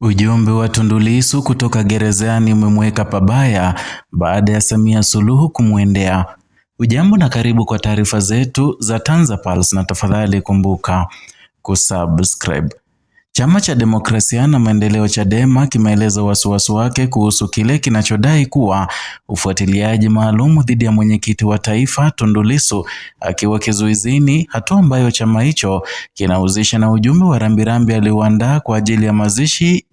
Ujumbe wa Tundu Lissu kutoka gerezani umemweka pabaya baada ya Samia Suluhu kumwendea. Ujambo na karibu kwa taarifa zetu za TanzaPulse na tafadhali kumbuka kusubscribe. Chama cha Demokrasia na Maendeleo Chadema kimeeleza wasiwasi wake kuhusu kile kinachodai kuwa ufuatiliaji maalum dhidi ya mwenyekiti wa taifa Tundu Lissu akiwa kizuizini, hatua ambayo chama hicho kinahusisha na ujumbe wa rambirambi alioandaa kwa ajili ya mazishi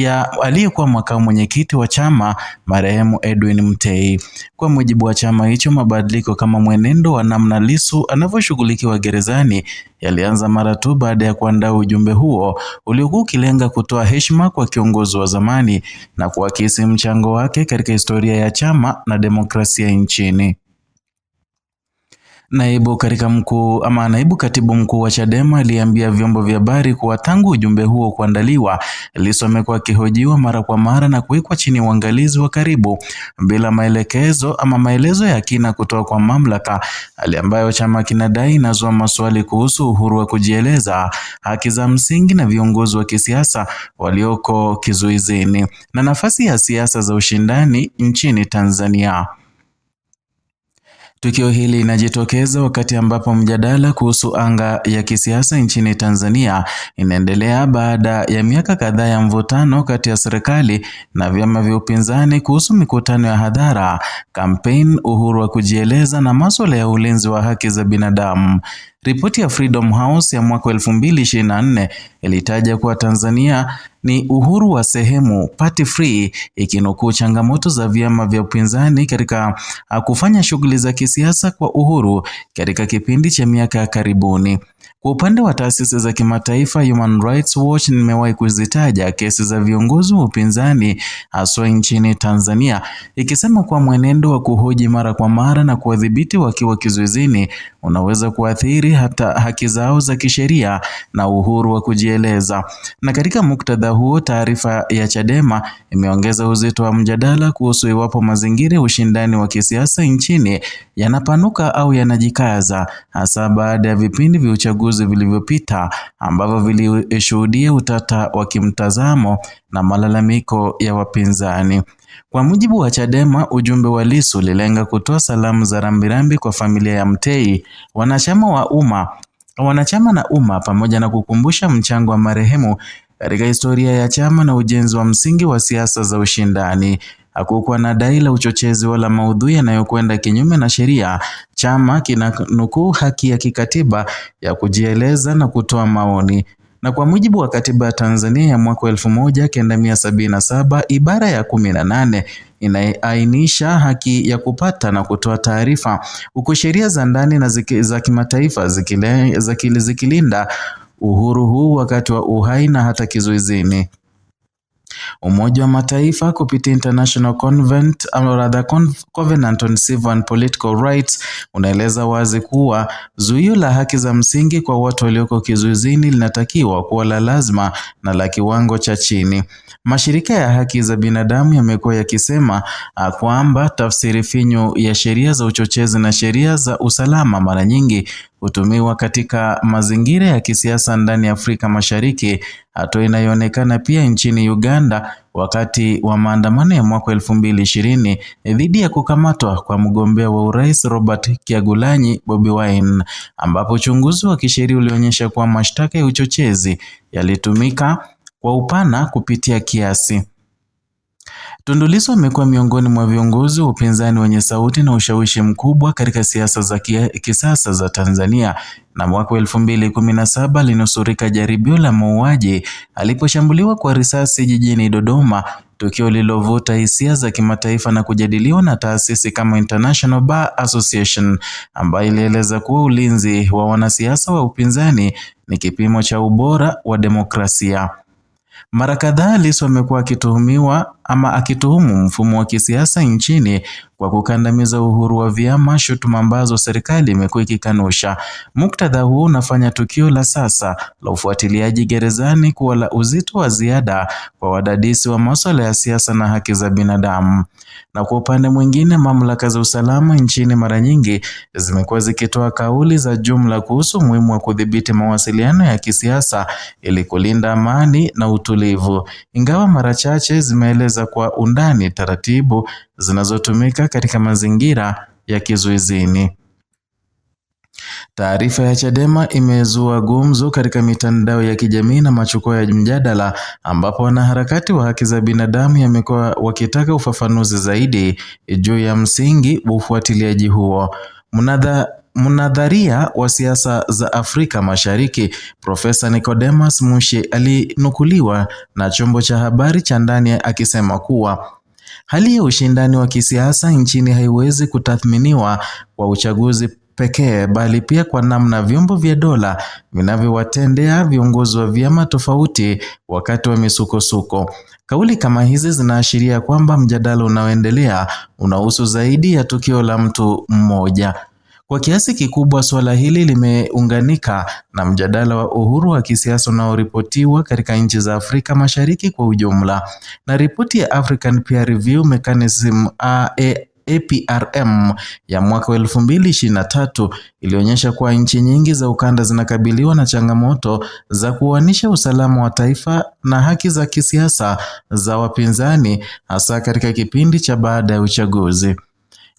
ya aliyekuwa makamu mwenyekiti wa chama marehemu Edwin Mtei. Kwa mujibu wa chama hicho, mabadiliko kama mwenendo wa namna lisu anavyoshughulikiwa gerezani yalianza mara tu baada ya kuandaa ujumbe huo uliokuwa ukilenga kutoa heshima kwa kiongozi wa zamani na kuakisi mchango wake katika historia ya chama na demokrasia nchini. Naibu katika mkuu ama naibu katibu mkuu wa Chadema aliambia vyombo vya habari kuwa tangu ujumbe huo kuandaliwa, Lissu amekuwa akihojiwa mara kwa mara na kuwekwa chini uangalizi wa karibu bila maelekezo ama maelezo ya kina kutoka kwa mamlaka, hali ambayo chama kinadai inazua maswali kuhusu uhuru wa kujieleza, haki za msingi na viongozi wa kisiasa walioko kizuizini na nafasi ya siasa za ushindani nchini Tanzania. Tukio hili linajitokeza wakati ambapo mjadala kuhusu anga ya kisiasa nchini Tanzania inaendelea baada ya miaka kadhaa ya mvutano kati ya serikali na vyama vya upinzani kuhusu mikutano ya hadhara, kampeni, uhuru wa kujieleza na masuala ya ulinzi wa haki za binadamu. Ripoti ya Freedom House ya mwaka 2024 ilitaja kuwa Tanzania ni uhuru wa sehemu party free, ikinukuu changamoto za vyama vya upinzani katika ah, kufanya shughuli za kisiasa kwa uhuru katika kipindi cha miaka ya karibuni. Kwa upande wa taasisi za kimataifa, Human Rights Watch nimewahi kuzitaja kesi za viongozi wa upinzani haswa nchini Tanzania, ikisema kuwa mwenendo wa kuhoji mara kwa mara na kuwadhibiti wakiwa kizuizini unaweza kuathiri hata haki zao za kisheria na uhuru wa kujieleza. Na katika muktadha huo, taarifa ya Chadema imeongeza uzito wa mjadala kuhusu iwapo mazingira ya ushindani wa kisiasa nchini yanapanuka au yanajikaza, hasa baada ya vipindi vya uchaguzi vilivyopita ambavyo vilishuhudia utata wa kimtazamo na malalamiko ya wapinzani. Kwa mujibu wa Chadema, ujumbe wa Lissu ulilenga kutoa salamu za rambirambi kwa familia ya Mtei, wanachama wa umma wanachama na umma, pamoja na kukumbusha mchango wa marehemu katika historia ya chama na ujenzi wa msingi wa siasa za ushindani. Hakukuwa na dai la uchochezi wala maudhui yanayokwenda kinyume na sheria. Chama kinanukuu haki ya kikatiba ya kujieleza na kutoa maoni na kwa mujibu wa katiba ya Tanzania ya mwaka elfu moja kenda mia saba ibara ya kumi na nane inaainisha haki ya kupata na kutoa taarifa, huku sheria za ndani na za kimataifa zikilinda uhuru huu wakati wa uhai na hata kizuizini. Umoja wa Mataifa kupitia International Convent, rather, Covenant on Civil and Political Rights unaeleza wazi kuwa zuio la haki za msingi kwa watu walioko kizuizini linatakiwa kuwa la lazima na la kiwango cha chini. Mashirika ya haki za binadamu yamekuwa yakisema ah, kwamba tafsiri finyu ya sheria za uchochezi na sheria za usalama mara nyingi hutumiwa katika mazingira ya kisiasa ndani ya Afrika Mashariki, hatua inayoonekana pia nchini Uganda wakati wa maandamano ya mwaka elfu mbili ishirini dhidi ya kukamatwa kwa mgombea wa urais Robert Kyagulanyi Bobi Wine, ambapo uchunguzi wa kisheria ulionyesha kuwa mashtaka ya uchochezi yalitumika kwa upana kupitia kiasi. Tundu Lissu amekuwa miongoni mwa viongozi wa upinzani wenye sauti na ushawishi mkubwa katika siasa za kisasa za Tanzania na mwaka 2017 alinusurika jaribio la mauaji aliposhambuliwa kwa risasi jijini Dodoma, tukio lililovuta hisia za kimataifa na kujadiliwa na taasisi kama International Bar Association ambayo ilieleza kuwa ulinzi wa wanasiasa wa upinzani ni kipimo cha ubora wa demokrasia. Mara kadhaa Lissu amekuwa akituhumiwa ama akituhumu mfumo wa kisiasa nchini kwa kukandamiza uhuru wa vyama, shutuma ambazo serikali imekuwa ikikanusha. Muktadha huu unafanya tukio la sasa la ufuatiliaji gerezani kuwa la uzito wa ziada kwa wadadisi wa masuala ya siasa na haki za binadamu. Na kwa upande mwingine, mamlaka za usalama nchini mara nyingi zimekuwa zikitoa kauli za jumla kuhusu umuhimu wa kudhibiti mawasiliano ya kisiasa ili kulinda amani na utulivu, ingawa mara chache zimeeleza kueleza kwa undani taratibu zinazotumika katika mazingira ya kizuizini. Taarifa ya Chadema imezua gumzo katika mitandao ya kijamii na machukuo ya mjadala ambapo wanaharakati wa haki za binadamu yamekuwa wakitaka ufafanuzi zaidi juu ya msingi wa ufuatiliaji huo. Mnadha Mnadharia wa siasa za Afrika Mashariki, Profesa Nicodemus Mushe alinukuliwa na chombo cha habari cha ndani akisema kuwa hali ya ushindani wa kisiasa nchini haiwezi kutathminiwa kwa uchaguzi pekee bali pia kwa namna vyombo vya dola vinavyowatendea viongozi wa vyama tofauti wakati wa misukosuko. Kauli kama hizi zinaashiria kwamba mjadala unaoendelea unahusu zaidi ya tukio la mtu mmoja. Kwa kiasi kikubwa suala hili limeunganika na mjadala wa uhuru wa kisiasa unaoripotiwa katika nchi za Afrika Mashariki kwa ujumla. Na ripoti ya African Peer Review Mechanism APRM ya mwaka wa 2023 ilionyesha kuwa nchi nyingi za ukanda zinakabiliwa na changamoto za kuanisha usalama wa taifa na haki za kisiasa za wapinzani hasa katika kipindi cha baada ya uchaguzi.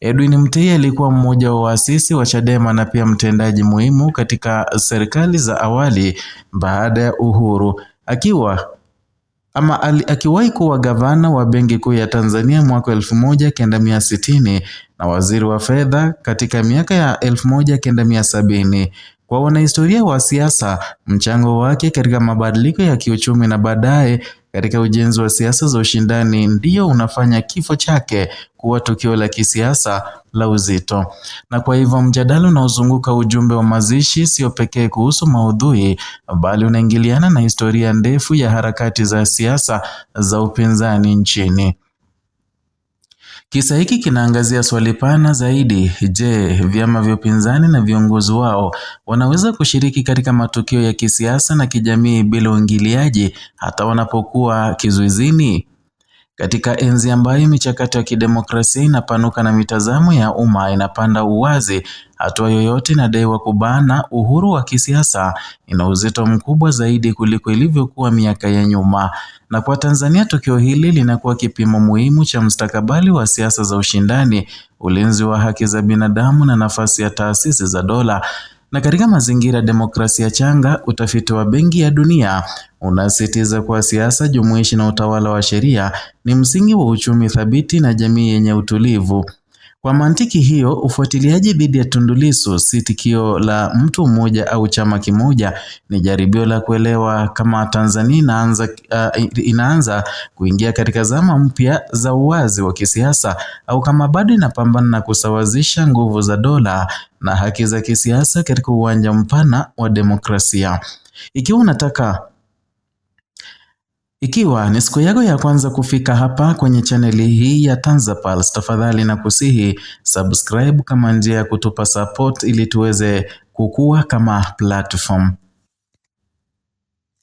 Edwin Mtei alikuwa mmoja wa waasisi wa Chadema na pia mtendaji muhimu katika serikali za awali baada ya uhuru, akiwa ama akiwahi kuwa gavana wa Benki Kuu ya Tanzania mwaka elfu moja kenda mia sitini na waziri wa fedha katika miaka ya elfu moja kenda mia sabini. Kwa wanahistoria wa siasa, mchango wake katika mabadiliko ya kiuchumi na baadaye katika ujenzi wa siasa za ushindani ndio unafanya kifo chake kuwa tukio la kisiasa la uzito. Na kwa hivyo mjadala unaozunguka ujumbe wa mazishi sio pekee kuhusu maudhui, bali unaingiliana na historia ndefu ya harakati za siasa za upinzani nchini. Kisa hiki kinaangazia swali pana zaidi. Je, vyama vya upinzani na viongozi wao wanaweza kushiriki katika matukio ya kisiasa na kijamii bila uingiliaji hata wanapokuwa kizuizini? Katika enzi ambayo michakato ya kidemokrasia inapanuka na mitazamo ya umma inapanda uwazi, hatua yoyote inadaiwa kubana uhuru wa kisiasa ina uzito mkubwa zaidi kuliko ilivyokuwa miaka ya nyuma. Na kwa Tanzania, tukio hili linakuwa kipimo muhimu cha mustakabali wa siasa za ushindani, ulinzi wa haki za binadamu na nafasi ya taasisi za dola. Na katika mazingira ya demokrasia changa, utafiti wa Benki ya Dunia unasisitiza kuwa siasa jumuishi na utawala wa sheria ni msingi wa uchumi thabiti na jamii yenye utulivu. Kwa mantiki hiyo, ufuatiliaji dhidi ya Tundu Lissu si tukio la mtu mmoja au chama kimoja, ni jaribio la kuelewa kama Tanzania inaanza, uh, inaanza kuingia katika zama mpya za uwazi wa kisiasa au kama bado inapambana na kusawazisha nguvu za dola na haki za kisiasa katika uwanja mpana wa demokrasia. Ikiwa unataka ikiwa ni siku yako ya kwanza kufika hapa kwenye chaneli hii ya TanzaPulse, tafadhali na kusihi subscribe kama njia ya kutupa support ili tuweze kukua kama platform.